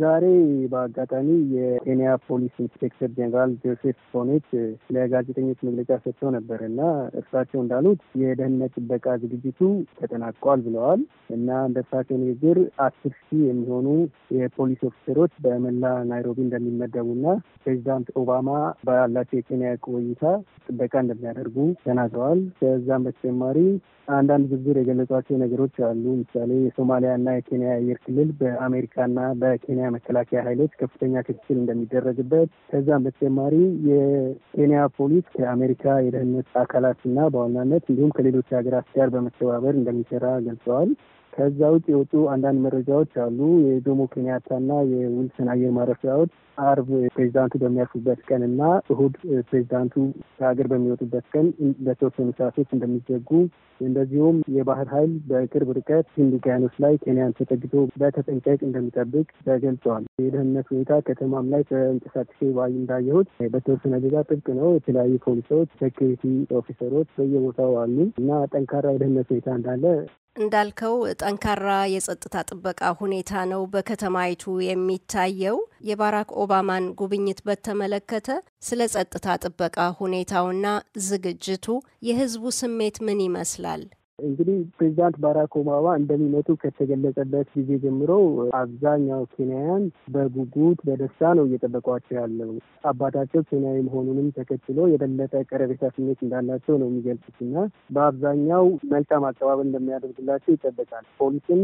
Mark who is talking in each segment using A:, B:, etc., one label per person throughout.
A: ዛሬ በአጋጣሚ የኬንያ ፖሊስ ኢንስፔክተር ጀኔራል ጆሴፍ ሶኔት ለጋዜጠኞች መግለጫ ሰጥተው ነበር እና እርሳቸው እንዳሉት የደህንነት ጥበቃ ዝግጅቱ ተጠናቋል ብለዋል እና እንደ እርሳቸው ንግግር አስር ሺህ የሚሆኑ የፖሊስ ኦፊሰሮች በመላ ናይሮቢ እንደሚመደቡና ፕሬዚዳንት ኦባማ ባላቸው የኬንያ ቆይታ ጥበቃ እንደሚያደርጉ ተናግረዋል። ከዛም በተጨማሪ አንዳንድ ዝርዝር የገለጿቸው ነገሮች አሉ። ምሳሌ የሶማሊያና የኬንያ አየር ክልል በአሜሪካና በኬ የኬንያ መከላከያ ኃይሎች ከፍተኛ ክትትል እንደሚደረግበት ከዛም በተጨማሪ የኬንያ ፖሊስ ከአሜሪካ የደህንነት አካላትና በዋናነት እንዲሁም ከሌሎች ሀገራት ጋር በመተባበር እንደሚሰራ ገልጸዋል። ከዛ ውጭ የወጡ አንዳንድ መረጃዎች አሉ። የጆሞ ኬንያታና የዊልሰን አየር ማረፊያዎች አርብ ፕሬዚዳንቱ በሚያርፉበት ቀን እና እሁድ ፕሬዚዳንቱ ከሀገር በሚወጡበት ቀን ለተወሰኑ ሰዓቶች እንደሚዘጉ እንደዚሁም የባህር ኃይል በቅርብ ርቀት ህንድ ውቅያኖስ ላይ ኬንያን ተጠግቶ በተጠንቀቅ እንደሚጠብቅ ተገልጿል። የደህንነት ሁኔታ ከተማም ላይ ተንቀሳቅሴ ባይ እንዳየሁት በተወሰነ ደረጃ ጥብቅ ነው። የተለያዩ ፖሊሶች፣ ሴኩሪቲ ኦፊሰሮች በየቦታው አሉ እና ጠንካራ የደህንነት ሁኔታ እንዳለ
B: እንዳልከው ጠንካራ የጸጥታ ጥበቃ ሁኔታ ነው በከተማይቱ የሚታየው። የባራክ የኦባማን ጉብኝት በተመለከተ ስለ ጸጥታ ጥበቃ ሁኔታውና ዝግጅቱ የህዝቡ ስሜት ምን ይመስላል?
A: እንግዲህ ፕሬዚዳንት ባራክ ኦባማ እንደሚመጡ ከተገለጸበት ጊዜ ጀምሮ አብዛኛው ኬንያውያን በጉጉት በደስታ ነው እየጠበቋቸው ያለው። አባታቸው ኬንያዊ መሆኑንም ተከትሎ የበለጠ ቀረቤታ ስሜት እንዳላቸው ነው የሚገልጹት እና በአብዛኛው መልካም አቀባበል እንደሚያደርግላቸው ይጠበቃል። ፖሊስም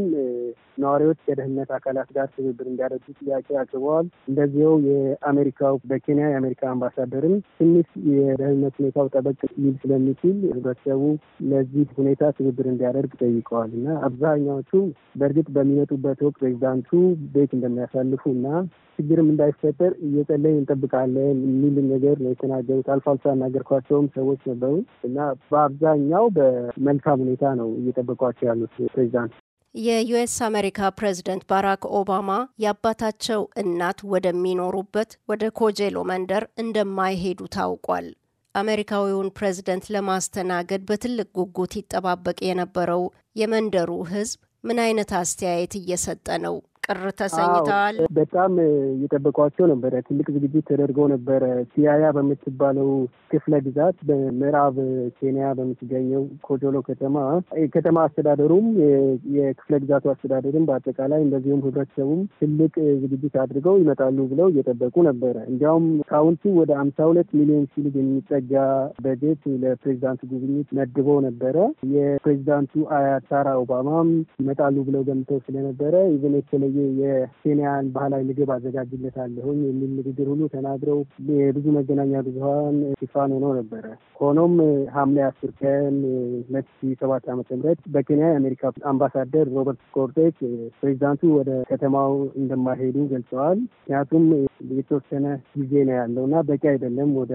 A: ነዋሪዎች ከደህንነት አካላት ጋር ትብብር እንዲያደርጉ ጥያቄ አቅርበዋል። እንደዚው የአሜሪካው በኬንያ የአሜሪካ አምባሳደርም ትንሽ የደህንነት ሁኔታው ጠበቅ ሊል ስለሚችል ህብረተሰቡ ለዚህ ሁኔታ ትብብር እንዲያደርግ ጠይቀዋል እና አብዛኛዎቹ በእርግጥ በሚመጡበት ወቅት ፕሬዚዳንቱ ቤት እንደሚያሳልፉ እና ችግርም እንዳይፈጠር እየጸለይን እንጠብቃለን የሚል ነገር ነው የተናገሩት። አልፎ አልፎ ያናገርኳቸውም ሰዎች ነበሩ እና በአብዛኛው በመልካም ሁኔታ ነው እየጠበቋቸው ያሉት ፕሬዚዳንት
B: የዩኤስ አሜሪካ ፕሬዝደንት ባራክ ኦባማ የአባታቸው እናት ወደሚኖሩበት ወደ ኮጄሎ መንደር እንደማይሄዱ ታውቋል። አሜሪካዊውን ፕሬዝደንት ለማስተናገድ በትልቅ ጉጉት ይጠባበቅ የነበረው የመንደሩ ህዝብ ምን አይነት አስተያየት እየሰጠ ነው? ቅር ተሰኝተዋል።
A: በጣም እየጠበቋቸው ነበረ። ትልቅ ዝግጅት ተደርገው ነበረ። ሲያያ በምትባለው ክፍለ ግዛት በምዕራብ ኬንያ በምትገኘው ኮጆሎ ከተማ የከተማ አስተዳደሩም የክፍለ ግዛቱ አስተዳደርም በአጠቃላይ እንደዚሁም ህብረተሰቡም ትልቅ ዝግጅት አድርገው ይመጣሉ ብለው እየጠበቁ ነበረ። እንዲያውም ካውንቲ ወደ አምሳ ሁለት ሚሊዮን ሲሊግ የሚጠጋ በጀት ለፕሬዚዳንቱ ጉብኝት መድቦ ነበረ። የፕሬዚዳንቱ አያት ሳራ ኦባማም ይመጣሉ ብለው ገምተው ስለነበረ ኢቨን የተለየ የተለየ የኬንያን ባህላዊ ምግብ አዘጋጅለታለሁኝ የሚል ንግግር ሁሉ ተናግረው የብዙ መገናኛ ብዙሀን ሽፋን ሆኖ ነበረ። ሆኖም ሐምሌ አስር ቀን ሁለት ሺ ሰባት ዓመተ ምህረት በኬንያ የአሜሪካ አምባሳደር ሮበርት ኮርቴክ ፕሬዚዳንቱ ወደ ከተማው እንደማይሄዱ ገልጸዋል። ምክንያቱም የተወሰነ ጊዜ ነው ያለው እና በቂ አይደለም ወደ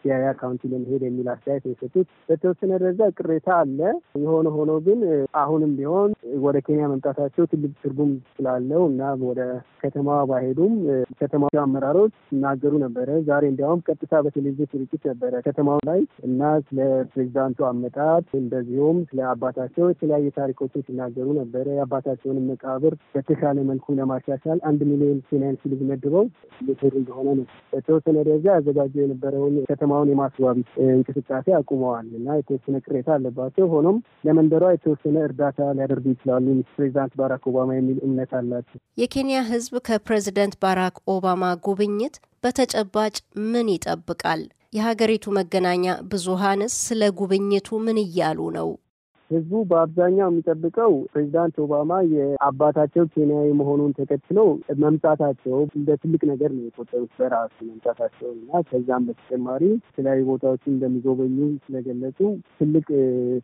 A: ሲያያ ካውንቲ ለመሄድ የሚል አስተያየት የሰጡት በተወሰነ ደረጃ ቅሬታ አለ። የሆነ ሆኖ ግን አሁንም ቢሆን ወደ ኬንያ መምጣታቸው ትልቅ ትርጉም ስላለ አለው እና ወደ ከተማ ባሄዱም ከተማ አመራሮች ሲናገሩ ነበረ። ዛሬ እንዲያውም ቀጥታ በቴሌቪዥን ስርጭት ነበረ ከተማው ላይ እና ስለ ፕሬዚዳንቱ አመጣት እንደዚሁም ስለ አባታቸው የተለያዩ ታሪኮችን ሲናገሩ ነበረ። የአባታቸውንም መቃብር በተሻለ መልኩ ለማሻሻል አንድ ሚሊዮን ፋይናንስ ልጅ መድበው እየሰሩ እንደሆነ ነው። በተወሰነ ደረጃ ያዘጋጀው የነበረውን ከተማውን የማስዋብ እንቅስቃሴ አቁመዋል እና የተወሰነ ቅሬታ አለባቸው። ሆኖም ለመንደሯ የተወሰነ እርዳታ ሊያደርጉ ይችላሉ ፕሬዚዳንት ባራክ ኦባማ የሚል እምነት አለ አላቸው።
B: የኬንያ ህዝብ ከፕሬዝደንት ባራክ ኦባማ ጉብኝት በተጨባጭ ምን ይጠብቃል? የሀገሪቱ መገናኛ ብዙሃንስ ስለ ጉብኝቱ ምን እያሉ ነው?
A: ህዝቡ በአብዛኛው የሚጠብቀው ፕሬዚዳንት ኦባማ የአባታቸው ኬንያዊ መሆኑን ተከትሎ መምጣታቸው እንደ ትልቅ ነገር ነው የቆጠሩት በራሱ መምጣታቸው እና ከዛም በተጨማሪ የተለያዩ ቦታዎችን እንደሚጎበኙ ስለገለጹ ትልቅ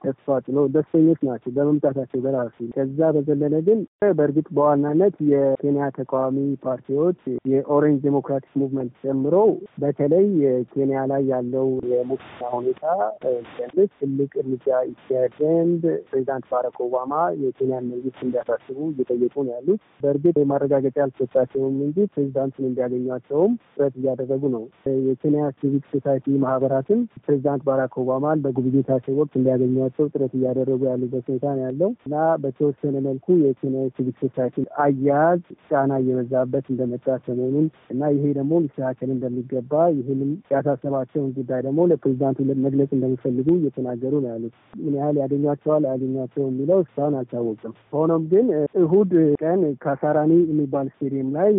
A: ተስፋ ጥሎ ደስተኞች ናቸው በመምጣታቸው በራሱ። ከዛ በዘለለ ግን በእርግጥ በዋናነት የኬንያ ተቃዋሚ ፓርቲዎች የኦሬንጅ ዴሞክራቲክ ሙቭመንት ጨምሮ በተለይ የኬንያ ላይ ያለው የሙስና ሁኔታ ሲቀንስ ትልቅ እርምጃ ይካሄድ ዘንድ ፕሬዚዳንት ባራክ ኦባማ የኬንያን መንግስት እንዲያሳስቡ እየጠየቁ ነው ያሉት። በእርግጥ የማረጋገጫ ያልተሰጣቸውም እንጂ ፕሬዚዳንቱን እንዲያገኟቸውም ጥረት እያደረጉ ነው። የኬንያ ሲቪክ ሶሳይቲ ማህበራትም ፕሬዚዳንት ባራክ ኦባማን በጉብኝታቸው ወቅት እንዲያገኟቸው ጥረት እያደረጉ ያሉበት ሁኔታ ነው ያለው እና በተወሰነ መልኩ የኬንያ ሲቪክ ሶሳይቲ አያያዝ ጫና እየበዛበት እንደመጣ ሰሞኑን እና ይሄ ደግሞ ሊስተካከል እንደሚገባ ይህንም ያሳሰባቸውን ጉዳይ ደግሞ ለፕሬዚዳንቱ መግለጽ እንደሚፈልጉ እየተናገሩ ነው ያሉት። ምን ያህል ያገኟቸው አግኝቷቸዋል አያገኛቸው የሚለው እስካሁን አልታወቅም። ሆኖም ግን እሁድ ቀን ካሳራኒ የሚባል ስቴዲየም ላይ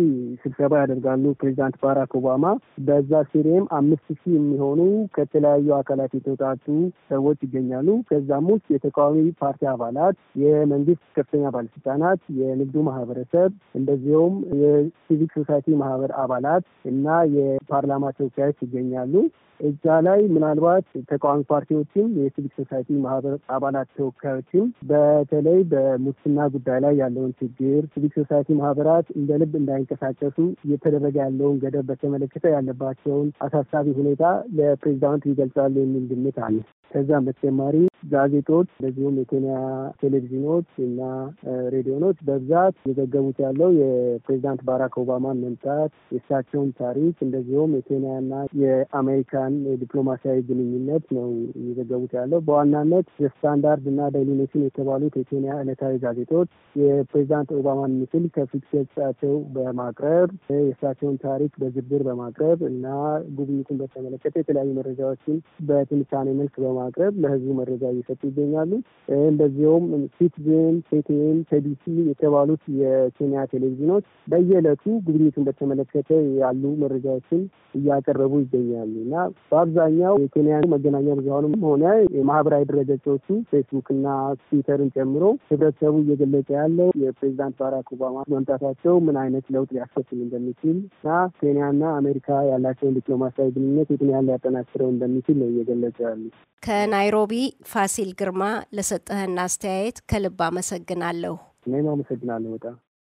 A: ስብሰባ ያደርጋሉ ፕሬዚዳንት ባራክ ኦባማ። በዛ ስቴዲየም አምስት ሺህ የሚሆኑ ከተለያዩ አካላት የተውጣጡ ሰዎች ይገኛሉ። ከዛም ውስጥ የተቃዋሚ ፓርቲ አባላት፣ የመንግስት ከፍተኛ ባለስልጣናት፣ የንግዱ ማህበረሰብ እንደዚሁም የሲቪክ ሶሳይቲ ማህበር አባላት እና የፓርላማ ተወካዮች ይገኛሉ። እዛ ላይ ምናልባት ተቃዋሚ ፓርቲዎችም የሲቪክ ሶሳይቲ ማህበር አባላት ተወካዮችም በተለይ በሙስና ጉዳይ ላይ ያለውን ችግር ሲቪክ ሶሳይቲ ማህበራት እንደ ልብ እንዳይንቀሳቀሱ እየተደረገ ያለውን ገደብ በተመለከተ ያለባቸውን አሳሳቢ ሁኔታ ለፕሬዚዳንት ይገልጻሉ የሚል ግምት አለ። ከዛም በተጨማሪ ጋዜጦች እንደዚሁም የኬንያ ቴሌቪዥኖች እና ሬዲዮኖች በብዛት የዘገቡት ያለው የፕሬዚዳንት ባራክ ኦባማን መምጣት የእሳቸውን ታሪክ እንደዚሁም የኬንያና የአሜሪካ ያን ዲፕሎማሲያዊ ግንኙነት ነው እየዘገቡት ያለው። በዋናነት ስታንዳርድ እና ዴይሊ ኔሽን የተባሉት የኬንያ ዕለታዊ ጋዜጦች የፕሬዚዳንት ኦባማን ምስል ከፊት ገጻቸው በማቅረብ የእሳቸውን ታሪክ በዝርዝር በማቅረብ እና ጉብኝቱን በተመለከተ የተለያዩ መረጃዎችን በትንታኔ መልክ በማቅረብ ለህዝቡ መረጃ እየሰጡ ይገኛሉ። እንደዚሁም ሲቲዝን፣ ኬቲኤም፣ ኬቢሲ የተባሉት የኬንያ ቴሌቪዥኖች በየዕለቱ ጉብኝቱን በተመለከተ ያሉ መረጃዎችን እያቀረቡ ይገኛሉ እና በአብዛኛው የኬንያ መገናኛ ብዙኃንም ሆነ የማህበራዊ ድረገጾቹ ፌስቡክና ትዊተርን ጨምሮ ህብረተሰቡ እየገለጸ ያለው የፕሬዚዳንት ባራክ ኦባማ መምጣታቸው ምን አይነት ለውጥ ሊያስከትል እንደሚችል እና ኬንያና አሜሪካ ያላቸውን ዲፕሎማሲያዊ ግንኙነት የትን ያህል ሊያጠናክረው እንደሚችል ነው እየገለጸ ያሉ።
B: ከናይሮቢ ፋሲል ግርማ፣ ለሰጠህን አስተያየት ከልብ አመሰግናለሁ።
A: እኔም አመሰግናለሁ በጣም